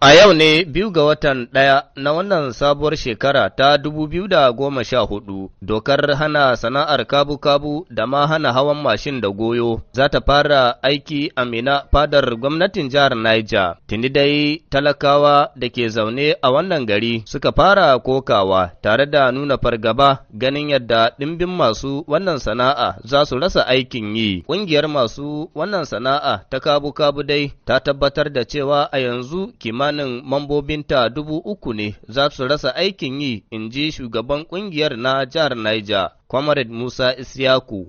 A yau ne biyu ga watan ɗaya na wannan sabuwar shekara ta dubu biyu da goma sha hudu, dokar hana sana'ar kabu-kabu da ma hana hawan mashin da goyo za ta fara aiki a mina fadar gwamnatin jihar Niger. Tuni dai talakawa da ke zaune a wannan gari suka fara kokawa tare da nuna fargaba ganin yadda ɗimbin masu wannan sana'a za su rasa aikin yi. Ƙungiyar masu wannan sana'a ta kabu-kabu dai ta tabbatar da cewa a yanzu kima kimanin mambobinta dubu uku ne za su rasa aikin yi, in ji shugaban ƙungiyar na jihar Niger, Comrade Musa Isyaku.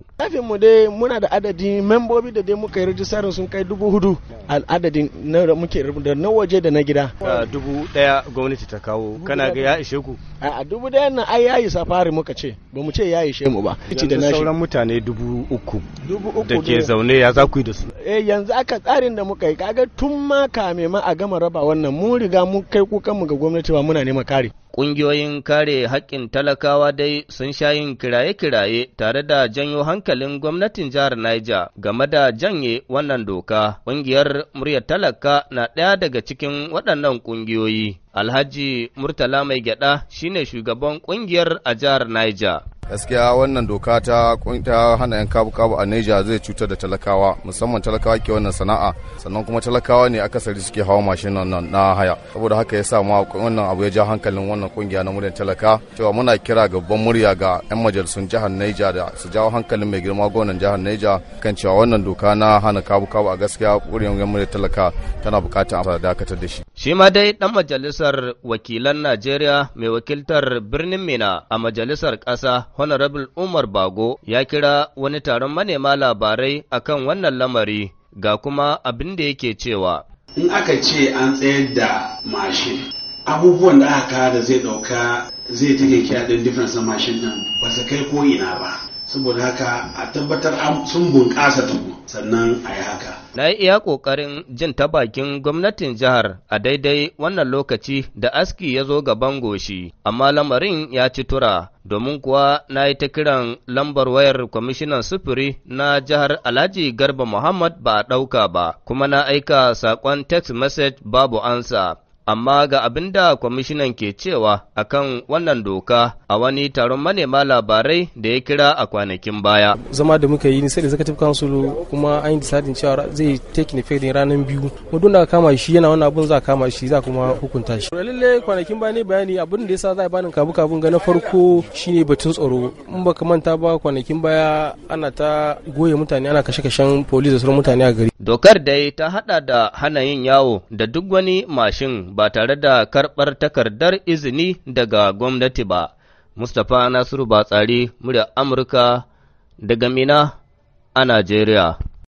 mu dai muna da adadin membobi da dai muka yi rijistarin sun kai dubu hudu adadin na muke da na waje da na gida. Dubu daya gwamnati ta kawo kana ga ya ishe ku? A dubu daya na ai yayi safari muka ce ba mu ce ya ishe mu ba. Yanzu sauran mutane dubu uku. Dubu uku da ke zaune ya za ku yi da su. Eh yanzu aka tsarin da muka yi kaga tun ma kame ma a gama raba wannan mun riga mun kai kukan mu ga gwamnati ba muna neman kare. Ƙungiyoyin kare haƙƙin talakawa dai sun sha yin kiraye-kiraye tare da janyo hankalin gwamnatin jihar Niger game da janye wannan doka. Ƙungiyar murya talaka na ɗaya daga cikin waɗannan ƙungiyoyi. Alhaji Murtala Mai Gyaɗa shine shugaban ƙungiyar a jihar Niger. gaskiya wannan doka ta ta hana yan kabu kabu a Neja zai cutar da talakawa musamman talakawa ke wannan sana'a sannan kuma talakawa ne akasari suke hawa mashin nan na haya saboda haka ya sa ma wannan abu ya ja hankalin wannan kungiya na muryar talaka cewa muna kira gabban murya ga yan majalisun jihar Neja da su jawo hankalin mai girma gwamnan jihar Neja kan cewa wannan doka na hana kabu kabu a gaskiya ƙungiyar muryar talaka tana bukatar a dakatar da shi Shi ma dai ɗan majalisar wakilan Najeriya mai wakiltar birnin Mina a majalisar ƙasa Honorable Umar Bago ya kira wani taron manema labarai akan wannan lamari ga kuma abin da yake cewa. In aka ce an tsayar da mashin, abubuwan da aka da zai ɗauka zai take kiya ɗin difference mashin nan ba su kai ko ina ba. saboda haka a tabbatar sun bunƙasa tuku sannan a yi haka. Na yi iya ƙoƙarin jin ta bakin gwamnatin jihar a daidai wannan lokaci da aski ya zo gaban goshi, amma lamarin ya ci tura domin kuwa na yi ta kiran lambar wayar kwamishinan sufuri na jihar Alhaji Garba Muhammad ba a ɗauka ba, kuma na aika saƙon text message babu ansa. amma ga abin da kwamishinan ke cewa a kan wannan doka a wani taron manema labarai da ya kira a kwanakin baya. Zama da muka yi da executive council kuma an yi disadin cewa zai take effect ranar biyu. Mudun da kama shi yana wannan abin za kama shi za kuma hukunta shi. Lalle kwanakin baya ne bayani abin da yasa za a bani kabu kabun ga na farko shine batun tsaro. In baka manta ba kwanakin baya ana ta goye mutane ana kashe-kashen police da sauran mutane a gari. Dokar dai ta haɗa da hana yin yawo da duk wani mashin ba tare da karɓar takardar izini daga gwamnati ba. Mustapha Nasiru Batsari, murya Amurka daga Mina a Najeriya.